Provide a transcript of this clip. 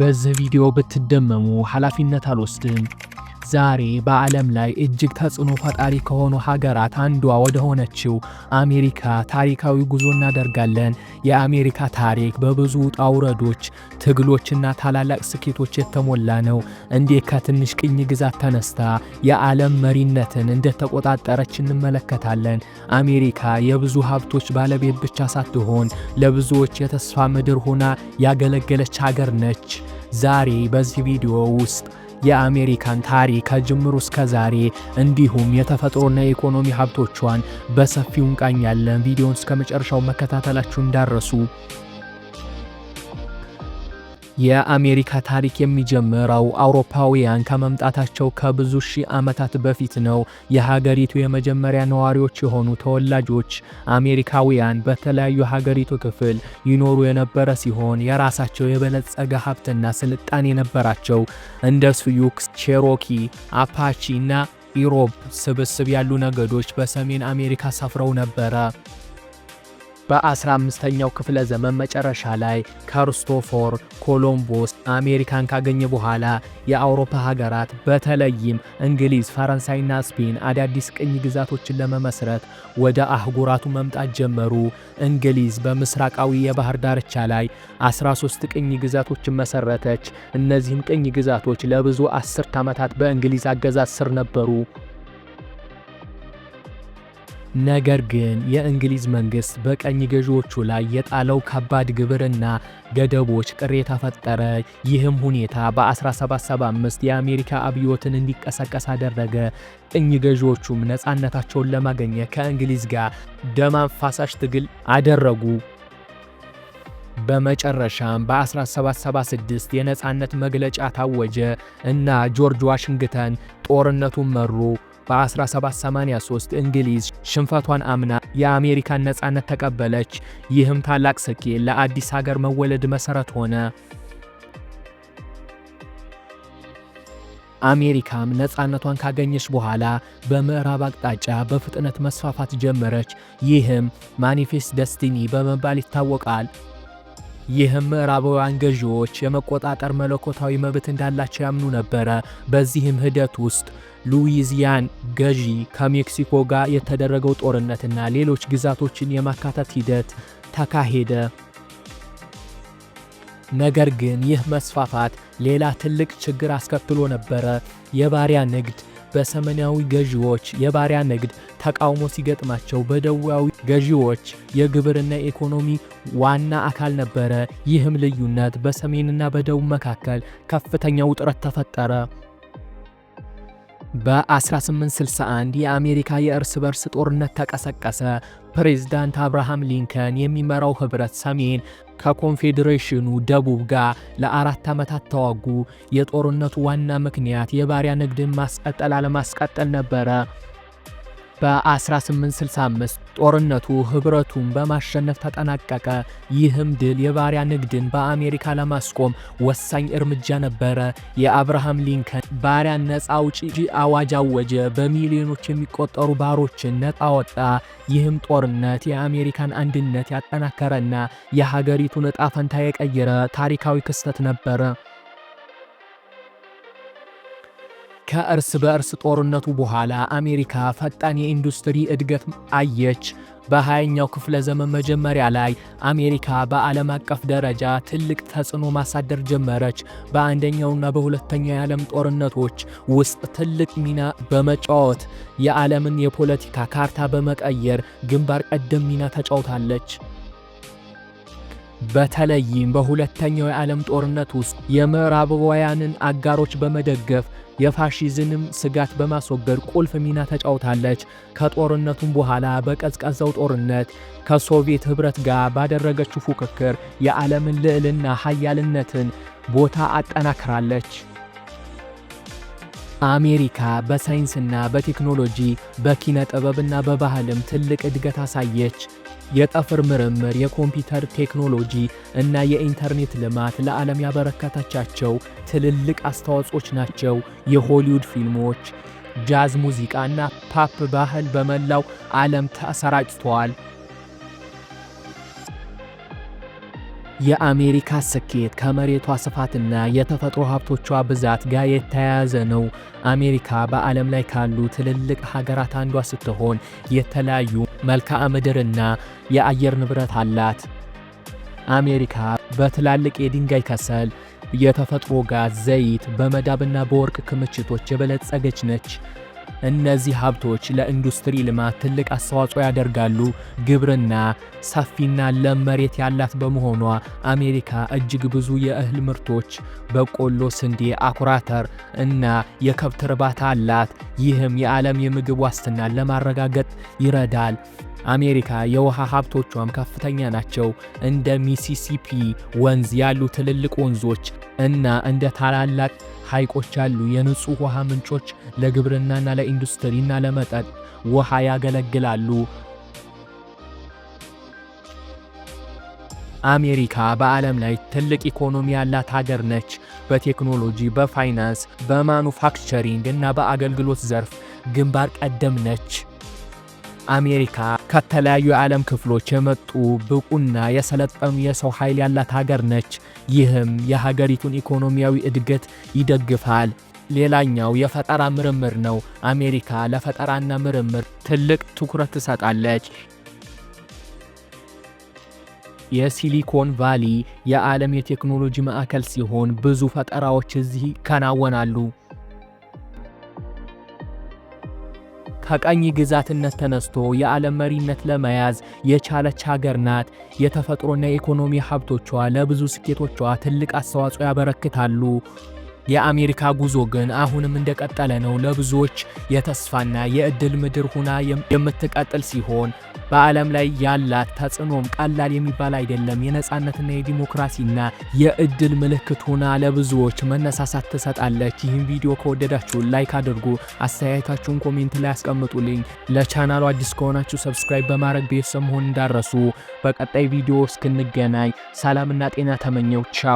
በዚህ ቪዲዮ ብትደመሙ ኃላፊነት አልወስድም። ዛሬ በዓለም ላይ እጅግ ተጽዕኖ ፈጣሪ ከሆኑ ሀገራት አንዷ ወደ ሆነችው አሜሪካ ታሪካዊ ጉዞ እናደርጋለን። የአሜሪካ ታሪክ በብዙ ውጣ ውረዶች፣ ትግሎችና ታላላቅ ስኬቶች የተሞላ ነው። እንዴት ከትንሽ ቅኝ ግዛት ተነስታ የዓለም መሪነትን እንደተቆጣጠረች እንመለከታለን። አሜሪካ የብዙ ሀብቶች ባለቤት ብቻ ሳትሆን ለብዙዎች የተስፋ ምድር ሆና ያገለገለች ሀገር ነች። ዛሬ በዚህ ቪዲዮ ውስጥ የአሜሪካን ታሪክ ከጅምሩ እስከ ዛሬ እንዲሁም የተፈጥሮና የኢኮኖሚ ሀብቶቿን በሰፊው እንቃኛለን። ቪዲዮን እስከ መጨረሻው መከታተላችሁ እንዳረሱ የአሜሪካ ታሪክ የሚጀምረው አውሮፓውያን ከመምጣታቸው ከብዙ ሺህ ዓመታት በፊት ነው። የሀገሪቱ የመጀመሪያ ነዋሪዎች የሆኑ ተወላጆች አሜሪካውያን በተለያዩ ሀገሪቱ ክፍል ይኖሩ የነበረ ሲሆን የራሳቸው የበለጸገ ሀብትና ስልጣኔ የነበራቸው እንደ ሱዩክስ፣ ቼሮኪ፣ አፓቺ እና ኢሮብ ስብስብ ያሉ ነገዶች በሰሜን አሜሪካ ሰፍረው ነበረ። በ15ኛው ክፍለ ዘመን መጨረሻ ላይ ክርስቶፎር ኮሎምቦስ አሜሪካን ካገኘ በኋላ የአውሮፓ ሀገራት በተለይም እንግሊዝ፣ ፈረንሳይና ስፔን አዳዲስ ቅኝ ግዛቶችን ለመመስረት ወደ አህጉራቱ መምጣት ጀመሩ። እንግሊዝ በምስራቃዊ የባህር ዳርቻ ላይ 13 ቅኝ ግዛቶችን መሰረተች። እነዚህም ቅኝ ግዛቶች ለብዙ አስርት ዓመታት በእንግሊዝ አገዛዝ ስር ነበሩ። ነገር ግን የእንግሊዝ መንግስት በቀኝ ገዢዎቹ ላይ የጣለው ከባድ ግብርና ገደቦች ቅሬታ ፈጠረ። ይህም ሁኔታ በ1775 የአሜሪካ አብዮትን እንዲቀሰቀስ አደረገ። ቅኝ ገዢዎቹም ነፃነታቸውን ለማገኘት ከእንግሊዝ ጋር ደም አፋሳሽ ትግል አደረጉ። በመጨረሻም በ1776 የነፃነት መግለጫ ታወጀ እና ጆርጅ ዋሽንግተን ጦርነቱን መሩ። በ1783 እንግሊዝ ሽንፈቷን አምና የአሜሪካን ነፃነት ተቀበለች። ይህም ታላቅ ስኬት ለአዲስ ሀገር መወለድ መሠረት ሆነ። አሜሪካም ነፃነቷን ካገኘች በኋላ በምዕራብ አቅጣጫ በፍጥነት መስፋፋት ጀመረች። ይህም ማኒፌስት ደስቲኒ በመባል ይታወቃል። ይህም ምዕራባውያን ገዢዎች የመቆጣጠር መለኮታዊ መብት እንዳላቸው ያምኑ ነበረ። በዚህም ሂደት ውስጥ ሉዊዚያን ገዢ ከሜክሲኮ ጋር የተደረገው ጦርነትና ሌሎች ግዛቶችን የማካተት ሂደት ተካሄደ። ነገር ግን ይህ መስፋፋት ሌላ ትልቅ ችግር አስከትሎ ነበረ፣ የባሪያ ንግድ በሰሜናዊ ገዢዎች የባሪያ ንግድ ተቃውሞ ሲገጥማቸው፣ በደቡባዊ ገዢዎች የግብርና ኢኮኖሚ ዋና አካል ነበረ። ይህም ልዩነት በሰሜንና በደቡብ መካከል ከፍተኛ ውጥረት ተፈጠረ። በ1861 የአሜሪካ የእርስ በርስ ጦርነት ተቀሰቀሰ። ፕሬዝዳንት አብርሃም ሊንከን የሚመራው ህብረት ሰሜን ከኮንፌዴሬሽኑ ደቡብ ጋር ለአራት ዓመታት ተዋጉ። የጦርነቱ ዋና ምክንያት የባሪያ ንግድን ማስቀጠል አለማስቀጠል ነበረ። በ1865 ጦርነቱ ህብረቱን በማሸነፍ ተጠናቀቀ። ይህም ድል የባሪያ ንግድን በአሜሪካ ለማስቆም ወሳኝ እርምጃ ነበረ። የአብርሃም ሊንከን ባሪያ ነፃ አውጪ አዋጅ አወጀ። በሚሊዮኖች የሚቆጠሩ ባሮችን ነፃ ወጣ። ይህም ጦርነት የአሜሪካን አንድነት ያጠናከረና የሀገሪቱን እጣ ፈንታ የቀየረ ታሪካዊ ክስተት ነበረ። ከእርስ በእርስ ጦርነቱ በኋላ አሜሪካ ፈጣን የኢንዱስትሪ እድገት አየች። በሃያኛው ክፍለ ዘመን መጀመሪያ ላይ አሜሪካ በዓለም አቀፍ ደረጃ ትልቅ ተጽዕኖ ማሳደር ጀመረች። በአንደኛውና በሁለተኛው የዓለም ጦርነቶች ውስጥ ትልቅ ሚና በመጫወት የዓለምን የፖለቲካ ካርታ በመቀየር ግንባር ቀደም ሚና ተጫውታለች። በተለይም በሁለተኛው የዓለም ጦርነት ውስጥ የምዕራባውያንን አጋሮች በመደገፍ የፋሺዝንም ስጋት በማስወገድ ቁልፍ ሚና ተጫውታለች። ከጦርነቱም በኋላ በቀዝቃዛው ጦርነት ከሶቪየት ኅብረት ጋር ባደረገችው ፉክክር የዓለምን ልዕልና ሀያልነትን ቦታ አጠናክራለች። አሜሪካ በሳይንስና በቴክኖሎጂ በኪነ ጥበብና በባህልም ትልቅ እድገት አሳየች። የጠፍር ምርምር፣ የኮምፒውተር ቴክኖሎጂ እና የኢንተርኔት ልማት ለዓለም ያበረከታቻቸው ትልልቅ አስተዋጽኦች ናቸው። የሆሊውድ ፊልሞች፣ ጃዝ ሙዚቃ እና ፓፕ ባህል በመላው ዓለም ተሰራጭተዋል። የአሜሪካ ስኬት ከመሬቷ ስፋትና የተፈጥሮ ሀብቶቿ ብዛት ጋር የተያያዘ ነው። አሜሪካ በዓለም ላይ ካሉ ትልልቅ ሀገራት አንዷ ስትሆን የተለያዩ መልክዓ ምድርና የአየር ንብረት አላት። አሜሪካ በትላልቅ የድንጋይ ከሰል፣ የተፈጥሮ ጋዝ፣ ዘይት፣ በመዳብና በወርቅ ክምችቶች የበለጸገች ነች። እነዚህ ሀብቶች ለኢንዱስትሪ ልማት ትልቅ አስተዋጽኦ ያደርጋሉ። ግብርና ሰፊና ለም መሬት ያላት በመሆኗ አሜሪካ እጅግ ብዙ የእህል ምርቶች በቆሎ፣ ስንዴ፣ አኩራተር እና የከብት እርባታ አላት። ይህም የዓለም የምግብ ዋስትናን ለማረጋገጥ ይረዳል። አሜሪካ የውሃ ሀብቶቿም ከፍተኛ ናቸው። እንደ ሚሲሲፒ ወንዝ ያሉ ትልልቅ ወንዞች እና እንደ ታላላቅ ሐይቆች ያሉ የንጹህ ውሃ ምንጮች ለግብርናና ለኢንዱስትሪና ለመጠጥ ውሃ ያገለግላሉ። አሜሪካ በዓለም ላይ ትልቅ ኢኮኖሚ ያላት ሀገር ነች። በቴክኖሎጂ፣ በፋይናንስ፣ በማኑፋክቸሪንግ እና በአገልግሎት ዘርፍ ግንባር ቀደም ነች። አሜሪካ ከተለያዩ የዓለም ክፍሎች የመጡ ብቁና የሰለጠኑ የሰው ኃይል ያላት ሀገር ነች። ይህም የሀገሪቱን ኢኮኖሚያዊ እድገት ይደግፋል። ሌላኛው የፈጠራ ምርምር ነው። አሜሪካ ለፈጠራና ምርምር ትልቅ ትኩረት ትሰጣለች። የሲሊኮን ቫሊ የዓለም የቴክኖሎጂ ማዕከል ሲሆን ብዙ ፈጠራዎች እዚህ ይከናወናሉ። ከቀኝ ግዛትነት ተነስቶ የዓለም መሪነት ለመያዝ የቻለች ሀገር ናት። የተፈጥሮና የኢኮኖሚ ሀብቶቿ ለብዙ ስኬቶቿ ትልቅ አስተዋጽኦ ያበረክታሉ። የአሜሪካ ጉዞ ግን አሁንም እንደቀጠለ ነው። ለብዙዎች የተስፋና የእድል ምድር ሁና የምትቀጥል ሲሆን በዓለም ላይ ያላት ተጽዕኖም ቀላል የሚባል አይደለም። የነፃነትና የዲሞክራሲና የእድል ምልክት ሁና ለብዙዎች መነሳሳት ትሰጣለች። ይህን ቪዲዮ ከወደዳችሁ ላይክ አድርጉ፣ አስተያየታችሁን ኮሜንት ላይ አስቀምጡልኝ። ለቻናሉ አዲስ ከሆናችሁ ሰብስክራይብ በማድረግ ቤተሰብ መሆን እንዳረሱ። በቀጣይ ቪዲዮ እስክንገናኝ ሰላምና ጤና ተመኘው። ቻው